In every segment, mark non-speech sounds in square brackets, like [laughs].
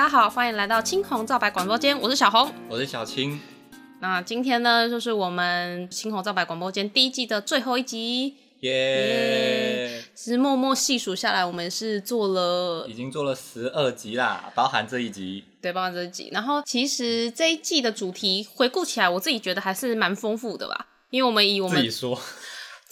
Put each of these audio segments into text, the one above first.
大家好，歡迎來到青紅皂白廣播間。我是小紅，我是小青。那今天呢，就是我們青紅皂白廣播間第一季的最後一集。耶 Yeah！其實、嗯、默默細數下來，我們是做了已經做了十二集啦，包含這一集。對，包含這一集。然後其實這一季的主題回顧起來，我自己覺得還是蠻豐富的吧。因為我們以我們自己說，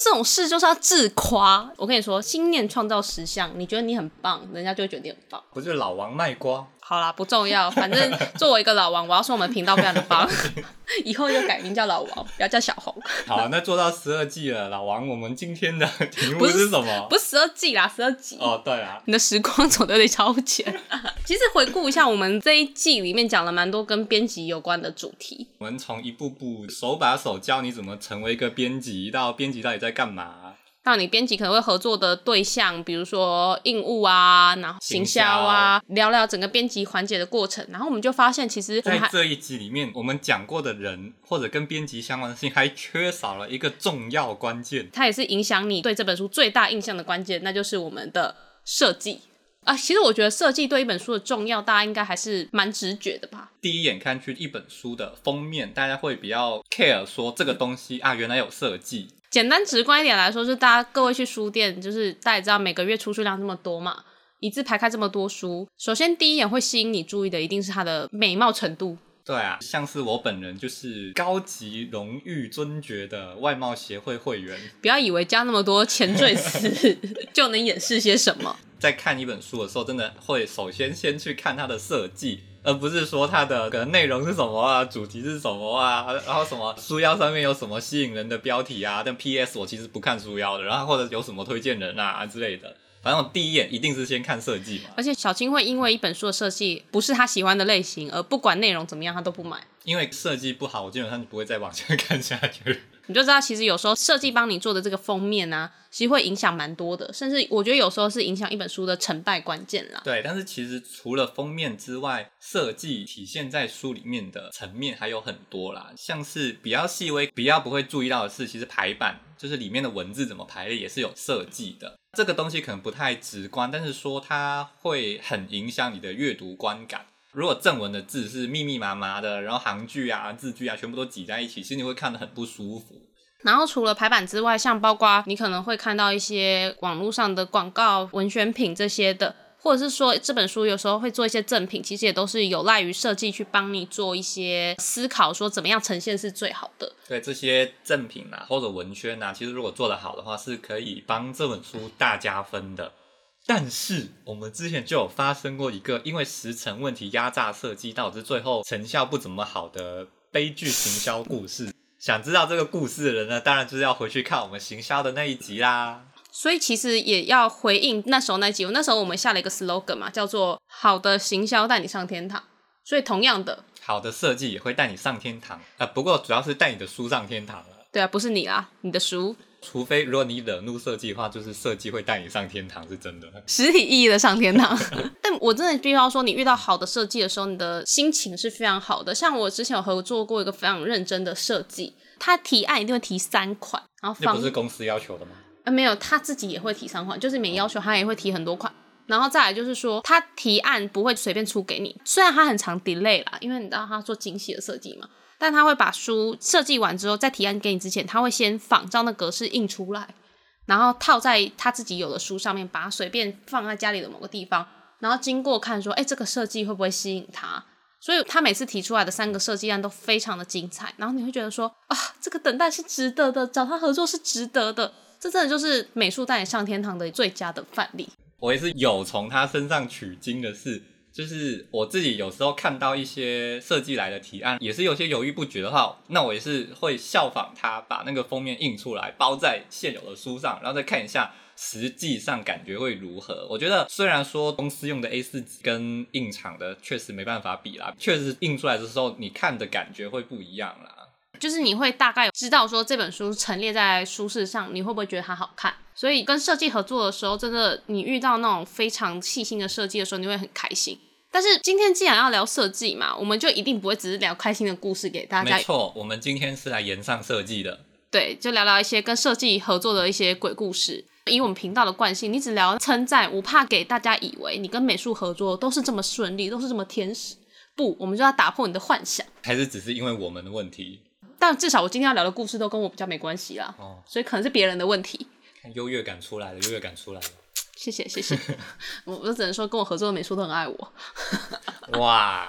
這種事就是要自誇。我跟你說，心念創造實相，你覺得你很棒，人家就會覺得你很棒。不是老王賣瓜。好啦，不重要，反正作為一個老王， [laughs] 我要說我們頻道非常的棒， [laughs] 以後又改名叫老王，不要叫小紅。好、啊，那，那做到十二季了，老王，我們今天的題目是什麼？不是十二季啦，十二季集。哦，對啊，你的時光走得有點超前 [laughs] 其實回顧一下，我們這一季裡面講了蠻多跟編輯有關的主題。我們從一步步手把手教你怎麼成為一個編輯，到編輯到底在幹嘛、啊。讓你編輯可能會合作的對象，比如說印務啊，然後行銷啊，行銷。聊聊整個編輯環節的過程。然後我們就發現，其實在這一集裡面，我們講過的人或者跟編輯相關的事情，還缺少了一個重要關鍵。它也是影響你對這本書最大印象的關鍵，那就是我們的設計啊。其實我覺得設計對一本書的重要，大家應該還是蠻直覺的吧。第一眼看去一本書的封面，大家會比較 care 說這個東西啊，原來有設計。簡單直觀一點來說，是大家各位去書店，就是大家也知道每個月出書量這麼多嘛，一字排開這麼多書，首先第一眼會吸引你注意的，一定是它的美貌程度。對啊，像是我本人就是高級榮譽尊爵的外貌協會會員。不要以為加那麼多前綴詞 [laughs] 就能掩飾些什麼。在看一本書的時候，真的會首先先去看它的設計。而不是說它的可能內容是什麼啊，主題是什麼啊，然後什麼書腰上面有什麼吸引人的標題啊？但 PS 我其實不看書腰的，然後或者有什麼推薦人啊啊之類的，反正我第一眼一定是先看設計嘛。而且小青會因為一本書的設計不是她喜歡的類型，而不管內容怎麼樣，她都不買。因為設計不好，我基本上就不會再往下看下去。你就知道，其實有時候設計幫你做的這個封面啊，其實會影響蠻多的，甚至我覺得有時候是影響一本書的成敗關鍵啦。對，但是其實除了封面之外，設計體現在書裡面的層面還有很多啦，像是比較細微、比較不會注意到的是，其實排版就是裡面的文字怎麼排列也是有設計的。這個東西可能不太直觀，但是說它會很影響你的閱讀觀感。如果正文的字是密密麻麻的，然後行距啊、字距啊，全部都擠在一起，其實你會看得很不舒服。然後除了排版之外，像包括你可能會看到一些網絡上的廣告、文宣品這些的，或者是說這本書有時候會做一些贈品，其實也都是有賴於設計去幫你做一些思考，說怎麼樣呈現是最好的。對，這些贈品啊，或者文宣吶、啊，其實如果做得好的話，是可以幫這本書大加分的。但是我們之前就有發生過一個因為時程問題壓榨設計，導致最後成效不怎麼好的悲劇行銷故事。想知道這個故事的人呢，當然就是要回去看我們行銷的那一集啦。所以其實也要回應那時候那集，那時候我們下了一個 slogan 嘛，叫做“好的行銷帶你上天堂”。所以同樣的，好的設計也會帶你上天堂。啊、呃，不過主要是帶你的書上天堂了。對啊，不是你啦，你的書。除非如果你惹怒設計的話，就是設計會帶你上天堂，是真的，實體意義的上天堂。 [laughs] 但我真的必須要說，你遇到好的設計的時候，你的心情是非常好的。像我之前有合作過一個非常認真的設計，他提案一定會提三款，然後放，這不是公司要求的嗎？啊，沒有，他自己也會提三款，就是沒要求，他也會提很多款。嗯、然後再來就是說，他提案不會隨便出給你，雖然他很常 delay 啦，因為你知道他做精細的設計嘛。但他會把書設計完之後，在提案給你之前，他會先仿照那格式印出來，然後套在他自己有的書上面，把它隨便放在家裡的某個地方，然後經過看說，哎，這個設計會不會吸引他？所以，他每次提出來的三個設計案都非常的精彩，然後你會覺得說，啊，這個等待是值得的，找他合作是值得的，這真的就是美術帶你上天堂的最佳的範例。我也是有從他身上取經的是。就是我自己有時候看到一些設計來的提案，也是有些猶豫不決的話，那我也是會效仿他把那個封面印出來，包在現有的書上，然後再看一下實際上感覺會如何。我覺得雖然說公司用的 A 四紙跟印廠的確實沒辦法比啦，確實印出來的時候你看的感覺會不一樣啦。就是你會大概知道說這本書陳列在書市上，你會不會覺得它好看？所以跟設計合作的時候，真的你遇到那種非常細心的設計的時候，你會很開心。但是今天既然要聊設計嘛，我們就一定不會只是聊開心的故事給大家。沒錯，我們今天是來炎上設計的。對，就聊聊一些跟設計合作的一些鬼故事。以我們頻道的慣性，你只聊稱讚，我怕給大家以為你跟美術合作都是這麼順利，都是這麼天使。不，我們就要打破你的幻想。還是只是因為我們的問題？但至少我今天要聊的故事都跟我比較沒關係啦。哦，所以可能是別人的問題。看優越感出來了，優越感出來了。謝謝謝謝，我我只能說跟我合作的美術都很愛我。 [laughs] 哇，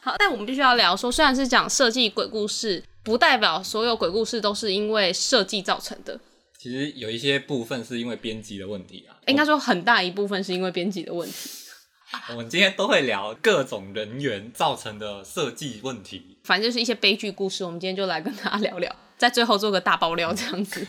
好，但我們必須要聊說，雖然是講設計鬼故事，不代表所有鬼故事都是因為設計造成的。其實有一些部分是因為編輯的問題啊，欸、應該說很大一部分是因為編輯的問題。我們今天都會聊各種人員造成的設計問題，反正就是一些悲劇故事，我們今天就來跟大家聊聊。在最後做個大爆料，這樣子。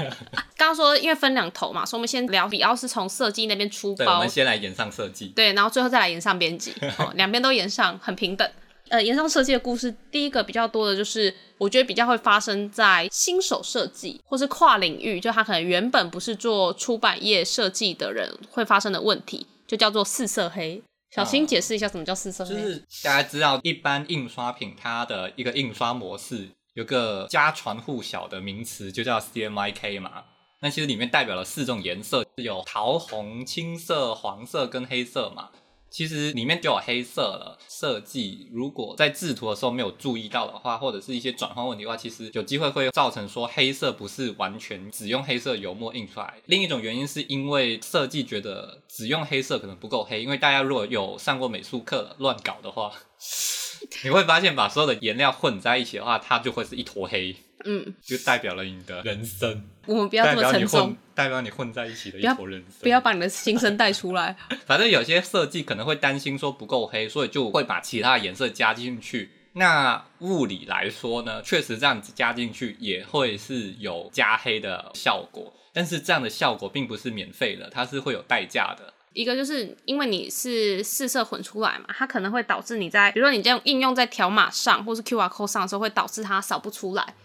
剛 [laughs] 剛說因為分兩頭嘛，所以我們先聊比奧是從設計那邊出包，對，我們先來延上設計，對，然後最後再來延上編輯，兩邊、 [laughs] 哦、都延上，很平等。呃，延上設計的故事，第一個比較多的就是，我覺得比較會發生在新手設計或是跨領域，就他可能原本不是做出版業設計的人，會發生的問題，就叫做四色黑。小心解釋一下什麼叫四色黑、哦，就是大家知道一般印刷品它的一個印刷模式。有個家喻戶曉的名詞，就叫 CMYK 嘛。那其實裡面代表了四種顏色，有桃紅、青色、黃色跟黑色嘛。其實裡面就有黑色了。設計如果在製圖的時候沒有注意到的話，或者是一些轉換問題的話，其實有機會會造成說黑色不是完全只用黑色油墨印出來。另一種原因是因為設計覺得只用黑色可能不夠黑，因為大家如果有上過美術課亂搞的話。 [laughs] [laughs] 你會發現，把所有的顏料混在一起的話，它就會是一坨黑。嗯，就代表了你的人生。我們不要這麼沉重,代表你混在一起的一坨人生。不要,不要把你的心聲帶出來。 [laughs] 反正有些設計可能會擔心說不夠黑，所以就會把其他的顏色加進去。那物理來說呢，確實這樣子加進去也會是有加黑的效果，但是這樣的效果並不是免費的，它是會有代價的。一個就是因為你是四色混出來嘛，它可能會導致你在比如說你這樣應用在條碼上或是 QR code 上的時候，會導致它掃不出來，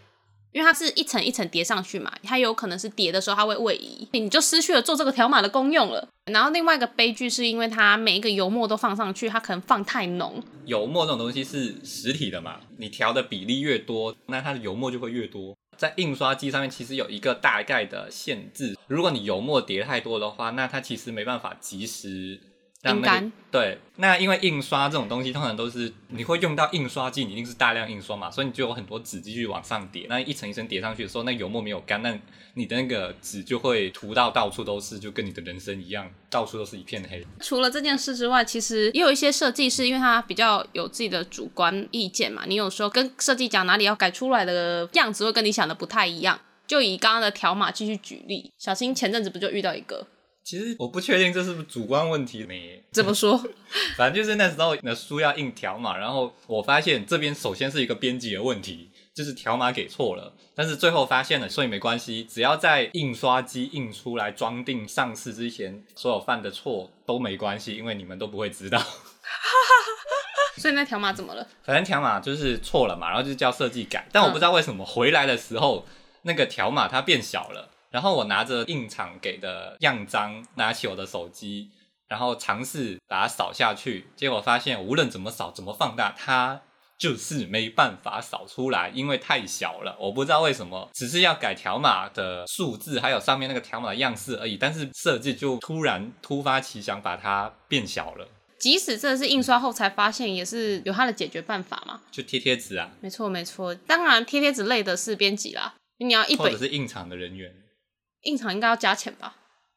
因為它是一層一層疊上去嘛，它有可能是疊的時候它會位移，你就失去了做這個條碼的功用了。然後另外一個悲劇是因為它每一個油墨都放上去，它可能放太濃。油墨這種東西是實體的嘛，你調的比例越多，那它的油墨就會越多。在印刷機上面其實有一個大概的限制，如果你油墨疊太多的話，那它其實沒辦法及時。那個、乾，對，那因為印刷這種東西通常都是你會用到印刷機，你一定是大量印刷嘛，所以你就有很多紙繼續往上疊。那一層一層疊上去的時候，那油墨沒有乾，那你的那個紙就會塗到到處都是，就跟你的人生一樣，到處都是一片黑。除了這件事之外，其實也有一些設計師因為它比較有自己的主觀意見嘛。你有時候跟設計講哪裡要改出來的樣子，會跟你想的不太一樣。就以剛剛的條碼繼續舉例，小新前陣子不就遇到一個？其實我不確定這是不是主觀問題呢？怎麼說？ [laughs] 反正就是那時候的書要印條碼，然後我發現這邊首先是一個編輯的問題，就是條碼給錯了。但是最後發現了，所以沒關係，只要在印刷機印出來裝訂上市之前，所有犯的錯都沒關係，因為你們都不會知道。哈哈哈！所以那條碼怎麼了？反正條碼就是錯了嘛，然後就叫設計改。但我不知道為什麼、嗯、回來的時候那個條碼它變小了。然後我拿着印廠給的樣張，拿起我的手機，然後嘗試把它掃下去，結果發現無論怎麼掃，怎麼放大，它就是沒辦法掃出來，因為太小了。我不知道為什麼，只是要改條碼的數字，還有上面那個條碼的樣式而已。但是設計就突然突發奇想，把它變小了。即使這是印刷後才發現，嗯、也是有它的解決辦法嘛？就貼貼紙啊。沒錯沒錯，當然貼貼紙類的是編輯啦，你要一本或者是印廠的人員。印廠應該要加錢吧？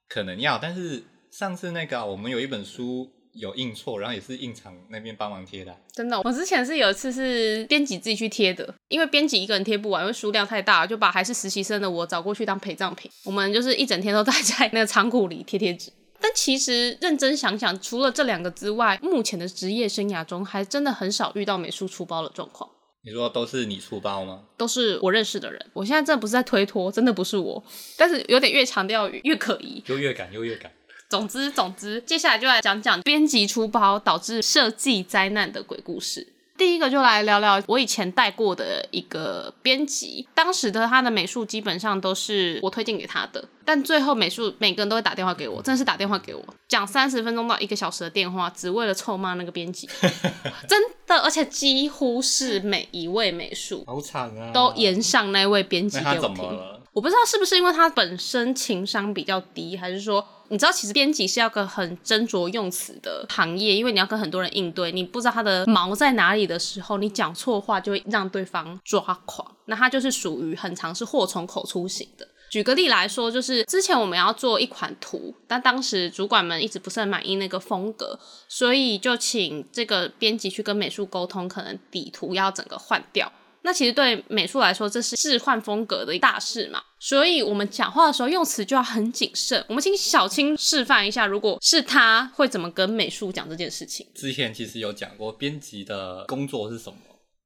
可能要，但是上次那個我們有一本書有印錯，然後也是印廠那邊幫忙貼的啊。真的，我之前是有一次是編輯自己去貼的，因為編輯一個人貼不完，因為書量太大，就把還是實習生的我找過去當陪葬品。我們就是一整天都待在那個倉庫裡貼貼紙。但其實認真想想，除了這兩個之外，目前的職業生涯中還真的很少遇到美術出包的狀況。你說都是你出包嗎？都是我認識的人。我現在真的不是在推脫，真的不是我，但是有點越強調越可疑，優越感，優越感。總之，總之，接下來就來講講編輯出包導致設計災難的鬼故事。第一個就來聊聊我以前帶過的一個編輯，當時的他的美術基本上都是我推薦給他的，但最後美術每個人都會打電話給我，真的是打電話給我，講三十分鐘到一個小時的電話，只為了臭罵那個編輯， [laughs] 真的，而且幾乎是每一位美術，好慘啊，都延上那位編輯給我聽。我不知道是不是因為他本身情商比較低，還是說你知道，其實編輯是要個很斟酌用詞的行業，因為你要跟很多人應對，你不知道他的毛在哪裡的時候，你講錯話就會讓對方抓狂。那他就是屬於很常是禍從口出型的。舉個例來說，就是之前我們要做一款圖，但當時主管們一直不是很滿意那個風格，所以就請這個編輯去跟美術溝通，可能底圖要整個換掉。那其實對美術來說，這是置換風格的一大事嘛，所以我們講話的時候用詞就要很謹慎。我們請小青示範一下，如果是他，會怎麼跟美術講這件事情？之前其實有講過，編輯的工作是什麼？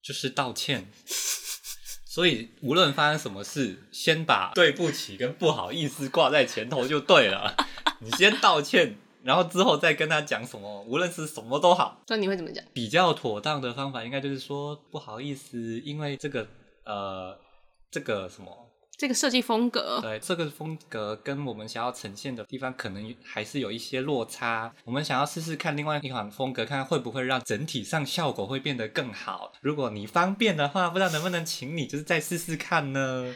就是道歉。 [laughs] 所以無論發生什麼事，先把對不起跟不好意思掛在前頭就對了。 [laughs] 你先道歉。然後之後再跟他講什麼，無論是什麼都好。那你會怎麼講？比較妥當的方法應該就是說，不好意思，因為這個呃，這個什麼，這個設計風格，對，這個風格跟我們想要呈現的地方可能還是有一些落差。我們想要試試看另外一款風格，看看會不會讓整體上效果會變得更好。如果你方便的話，不知道能不能請你就是再試試看呢？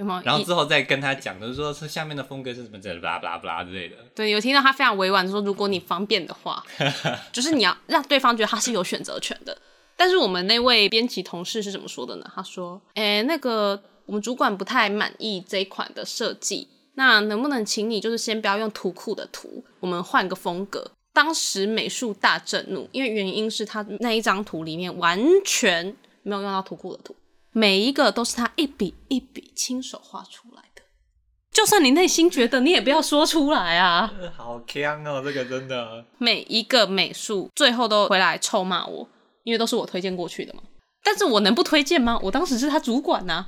有有，然後之後再跟他講，以就是說，是下面的風格是什麼這拉布拉布拉之類的。對，有聽到他非常委婉的說，如果你方便的話， [laughs] 就是你要讓對方覺得他是有選擇權的。 [laughs] 但是我們那位編輯同事是怎麼說的呢？他說，哎、欸，那個我們主管不太滿意這一款的設計，那能不能請你就是先不要用圖庫的圖，我們換個風格。當時美術大震怒，因為原因是他那一張圖裡面完全沒有用到圖庫的圖。每一個都是他一筆一筆親手畫出來的，就算你內心覺得，你也不要說出來啊！好嗆哦，這個真的。每一個美術最後都回來臭罵我，因為都是我推薦過去的嘛。但是我能不推薦嗎？我當時是他主管呐、啊，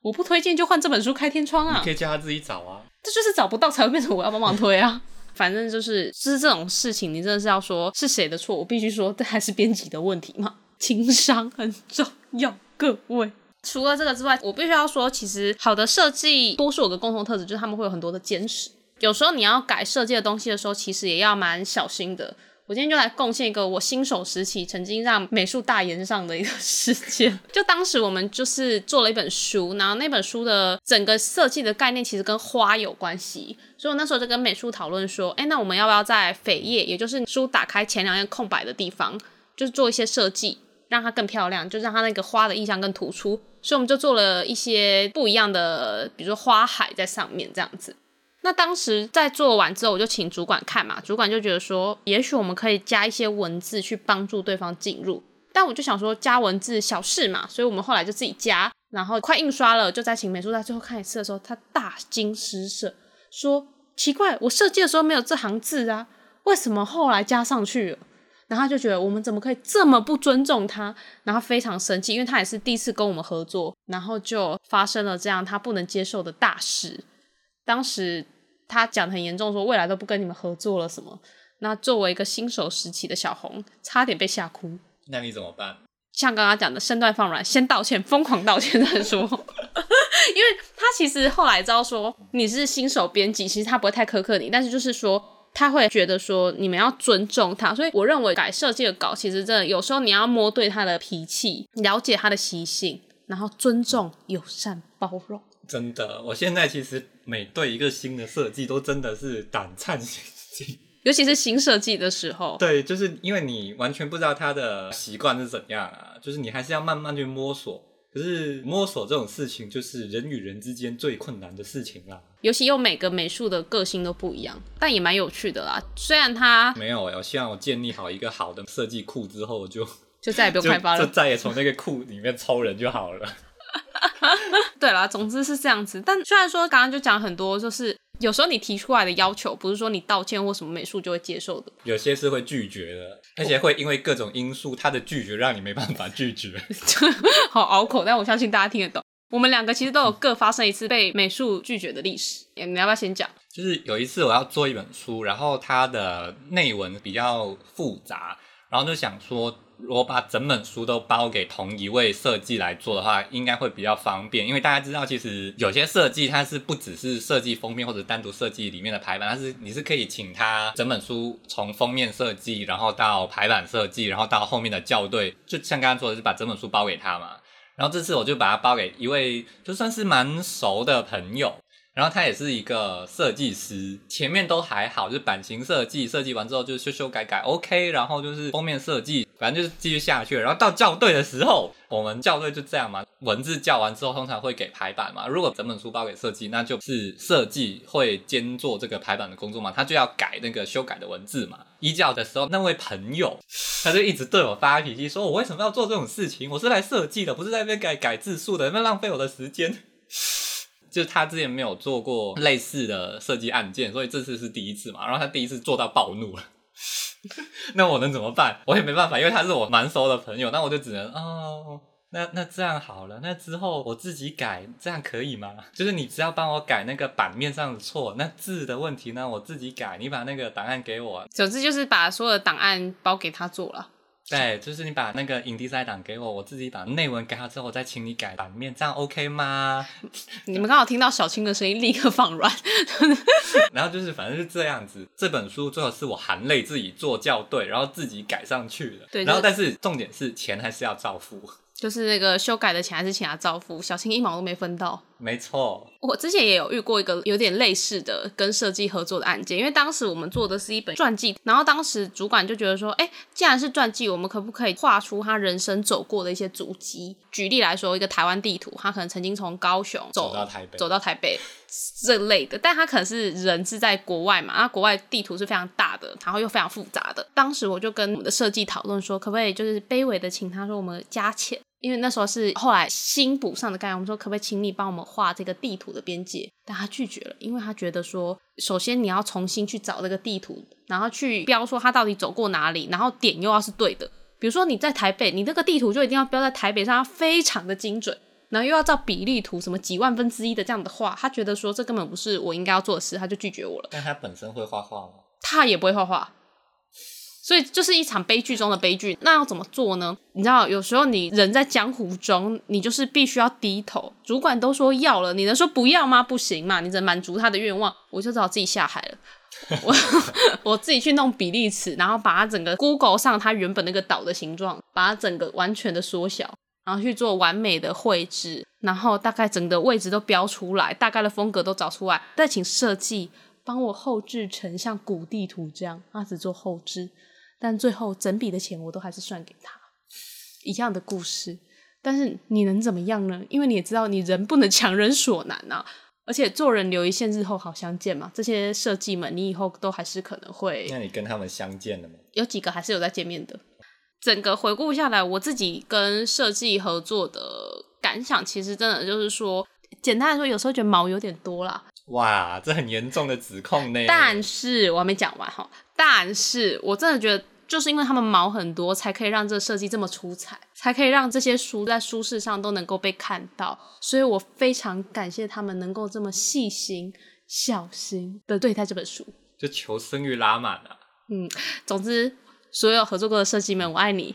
我不推薦就換這本書開天窗啊。你可以叫他自己找啊。這就是找不到才會變成我要幫忙推啊。反正就是是這種事情，你真的是要說是誰的錯？我必須說，這還是編輯的問題嘛。情商很重要，各位。除了這個之外，我必須要說，其實好的設計多數有個共同特質，就是他們會有很多的堅持。有時候你要改設計的東西的時候，其實也要蠻小心的。我今天就來貢獻一個我新手時期曾經讓美術大炎上的一個事件。 [laughs] 就當時我們就是做了一本書，然後那本書的整個設計的概念其實跟花有關係，所以我那時候就跟美術討論說，哎、欸，那我們要不要在扉頁，也就是書打開前兩頁空白的地方，就是做一些設計，讓它更漂亮，就讓它那個花的意象更突出。所以我們就做了一些不一樣的，比如說花海在上面這樣子。那當時在做完之後，我就請主管看嘛，主管就覺得說，也許我們可以加一些文字去幫助對方進入。但我就想說，加文字小事嘛，所以我們後來就自己加。然後快印刷了，就再請美術在最後看一次的時候，他大驚失色，說：“奇怪，我設計的時候沒有這行字啊，為什麼後來加上去了？”然後他就覺得我們怎麼可以這麼不尊重他？然後非常生氣，因為他也是第一次跟我們合作，然後就發生了這樣他不能接受的大事。當時他講得很嚴重，說未來都不跟你們合作了什麼。那作為一個新手時期的小紅，差點被嚇哭。那你怎麼辦？像剛剛講的，身段放軟，先道歉，瘋狂道歉再說。 [laughs] 因為他其實後來知道說你是新手編輯，其實他不會太苛刻你，但是就是說。他會覺得說你們要尊重他，所以我認為改設計的稿其實真的有時候你要摸對他的脾氣，了解他的習性，然後尊重、友善、包容。真的，我現在其實每對一個新的設計都真的是膽顫心驚，尤其是新設計的時候。 [laughs] 對，就是因為你完全不知道他的習慣是怎樣啊，就是你還是要慢慢去摸索。可是摸索這種事情，就是人與人之間最困難的事情啦、啊。尤其又每個美術的個性都不一樣，但也蠻有趣的啦。雖然他沒有，我希望我建立好一個好的設計庫之後就，就就再也不用開發了，就，就再也從那個庫裡面抽人就好了。 [laughs] 對啦，總之是這樣子。但雖然說剛剛就講很多，就是有時候你提出來的要求，不是說你道歉或什麼美術就會接受的，有些是會拒絕的，而且會因為各種因素，他的拒絕讓你沒辦法拒絕。 [laughs] 好拗口，但我相信大家聽得懂。我們兩個其實都有各發生一次被美術拒絕的歷史，你要不要先講？就是有一次我要做一本書，然後它的內文比較複雜，然後就想說，如果把整本書都包給同一位設計來做的話，應該會比較方便。因為大家知道，其實有些設計它是不只是設計封面或者單獨設計裡面的排版，它是你是可以請它整本書從封面設計，然後到排版設計，然後到後面的校對，就像剛剛說的，是把整本書包給他嘛。然後這次我就把它包給一位，就算是蠻熟的朋友。然後他也是一個設計師，前面都還好，就是版型設計，設計完之後就修修改改，OK，然後就是封面設計，反正就是繼續下去。然後到校對的時候，我們校對就這樣嘛，文字校完之後通常會給排版嘛。如果整本書包給設計，那就是設計會兼做這個排版的工作嘛，他就要改那個修改的文字嘛。一校的時候那位朋友，他就一直對我發脾氣，說我為什麼要做這種事情？我是來設計的，不是在那邊改改字數的，那邊浪費我的時間。就他之前沒有做過類似的設計案件，所以這次是第一次嘛。然後他第一次做到暴怒了， [laughs] 那我能怎麼辦？我也沒辦法，因為他是我蠻熟的朋友，那我就只能哦，那那這樣好了，那之後我自己改，這樣可以嗎？就是你只要幫我改那個版面上的錯，那字的問題呢，我自己改。你把那個檔案給我，總之就是把所有的檔案包給他做了。對，就是你把那個 InDesign 檔給我，我自己把內文改好之後，我再請你改版面，這樣 OK 嗎？你們剛好聽到小青的聲音，立刻放軟。 [laughs] 然後就是，反正是這樣子，這本書最後是我含淚自己做校對，然後自己改上去的。對，然後但是、就是、重點是錢還是要照付。就是那個修改的錢還是請他照付，小青一毛都沒分到。沒錯，我之前也有遇過一個有點類似的跟設計合作的案件，因為當時我們做的是一本傳記，然後當時主管就覺得說，哎，既然是傳記，我們可不可以畫出他人生走過的一些足跡？舉例來說，一個台灣地圖，他可能曾經從高雄走，走到台北，走到台北。這類的，但他可能是人是在國外嘛，然後國外地圖是非常大的，然後又非常複雜的。當時我就跟我們的設計討論說，可不可以就是卑微的請他說我們加錢？因為那時候是後來新補上的概念。我們說可不可以請你幫我們畫這個地圖的邊界，但他拒絕了，因為他覺得說，首先你要重新去找這個地圖，然後去標說他到底走過哪裡，然後點又要是對的。比如說你在台北，你那個地圖就一定要標在台北上，非常的精準。然後又要照比例圖，什麼幾萬分之一的這樣的話，他覺得說這根本不是我應該要做的事，他就拒絕我了。但他本身會畫畫嗎？他也不會畫畫，所以就是一場悲劇中的悲劇。那要怎麼做呢？你知道，有時候你人在江湖中，你就是必須要低頭。主管都說要了，你能說不要嗎？不行嘛，你只能滿足他的願望。我就只好自己下海了。 [laughs] 我我自己去弄比例尺，然後把它整個 Google 上它原本那個島的形狀，把它整個完全的縮小。然後去做完美的繪製，然後大概整個位置都標出來，大概的風格都找出來，再請設計幫我後製，成像古地圖這樣，那只做後製，但最後整筆的錢我都還是算給他，一樣的故事。但是你能怎麼樣呢？因為你也知道，你人不能強人所難啊，而且做人留一線，日後好相見嘛。這些設計們，你以後都還是可能會……那你跟他們相見了嗎？有幾個還是有在見面的。整個回顧下來，我自己跟設計合作的感想，其實真的就是說，簡單來說，有時候覺得毛有點多啦。哇，這很嚴重的指控呢！但是我還沒講完哈，但是我真的覺得，就是因為他們毛很多，才可以讓這設計這麼出彩，才可以讓這些書在書市上都能夠被看到，所以我非常感謝他們能夠這麼細心、小心的對待這本書，就求生慾拉滿了啊。嗯，總之。所有合作過的設計們，我愛你。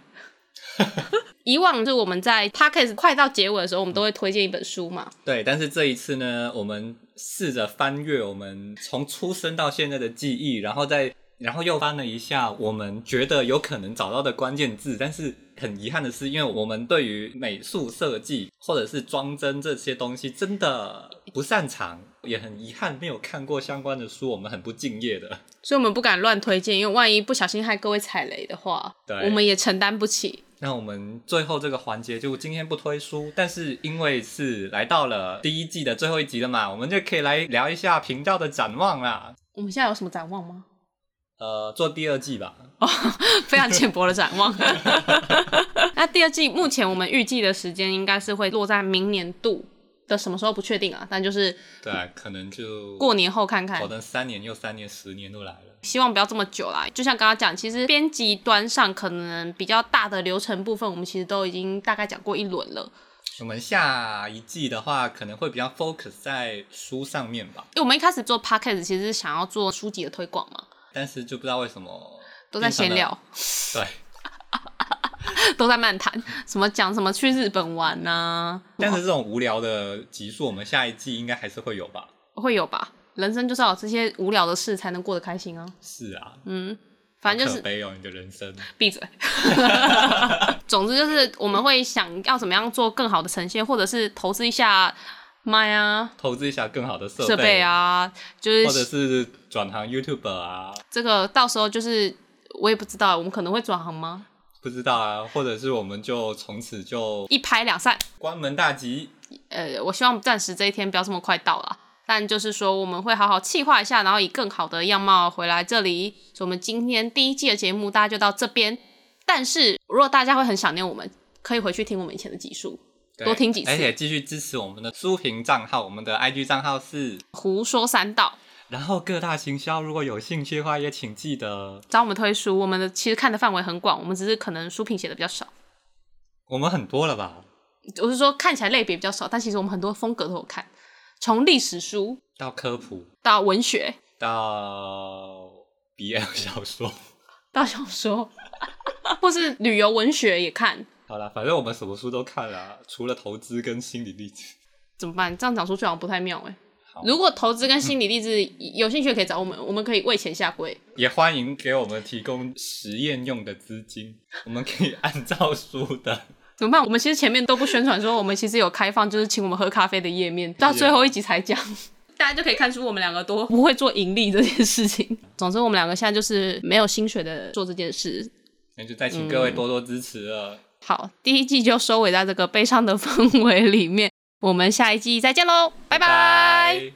[laughs] 以往就我們在 podcast 快到結尾的時候，我們都會推薦一本書嘛。對，但是這一次呢，我們試着翻閱我們從出生到現在的記憶，然後再然後又翻了一下我們覺得有可能找到的關鍵字。但是很遺憾的是，因為我們對於美術設計或者是裝幀這些東西真的不擅長。也很遺憾沒有看過相關的書，我們很不敬業的，所以我們不敢亂推薦，因為萬一不小心害各位踩雷的話，對，我們也承擔不起。那我們最後這個環節就今天不推書，但是因為是來到了第一季的最後一集了嘛，我們就可以來聊一下頻道的展望啦。我們現在有什麼展望嗎？呃，做第二季吧。哦， [laughs] 非常淺薄的展望。 [laughs] [laughs] 那第二季目前我們預計的時間應該是會落在明年度。的什麼時候不確定啊？但就是對啊，可能就過年後看看，可能三年又三年，十年都來了。希望不要這麼久啦。就像剛剛講，其實編輯端上可能比較大的流程部分，我們其實都已經大概講過一輪了。我們下一季的話，可能會比較 focus 在書上面吧。因為我們一開始做 Podcast，其實是想要做書籍的推廣嘛。但是就不知道為什麼都在閒聊。對。 [laughs] 都在漫談，什麼講什麼去日本玩吶、啊？但是這種無聊的集數，哇我們下一季應該還是會有吧？會有吧？人生就是要這些無聊的事才能過得開心啊。是啊，嗯，反正就是悲有、哦、你的人生。閉閉嘴。 [laughs] 總之就是我們會想要怎麼樣做更好的呈現，或者是投資一下買啊，投資一下更好的設備,備啊，就是或者是轉行 YouTube 啊。這個到時候就是我也不知道，我們可能會轉行嗎？不知道啊，或者是我們就從此就一拍兩散，關門大吉。呃，我希望暫時這一天不要這麼快到了，但就是說我們會好好企劃一下，然後以更好的樣貌回來這裡。所以我們今天第一季的節目大家就到這邊，但是如果大家會很想念我們，可以回去聽我們以前的集數，多聽幾次，而且繼續支持我們的書評賬號，我們的 IG 賬號是狐說三道。然後各大行銷如果有興趣的話，也請記得找我們推書。我們的其實看的範圍很廣，我們只是可能書評寫的比較少。我們很多了吧？我是說看起來類別比較少，但其實我們很多風格都有看，從歷史書到科普，到文學，到 BL 小說，到小說， [laughs] 或是旅遊文學也看。好啦，反正我們什麼書都看了、啊，除了投資跟心理勵志。怎麼辦？這樣講出去好像不太妙哎、欸。如果投資跟心理勵志有興趣可以找我們，嗯、我們可以為錢下跪，也歡迎給我們提供實驗用的資金，我們可以按照書的怎麼辦？我們其實前面都不宣傳說我們其實有開放就是請我們喝咖啡的頁面，到最後一集才講，的 [laughs] 大家就可以看出我們兩個都不會做盈利這件事情。總之我們兩個現在就是沒有薪水的做這件事，那就再請各位多多支持了、嗯。好，第一季就收尾在這個悲傷的氛圍裡面。我們下一季再見嘍，拜拜。拜拜。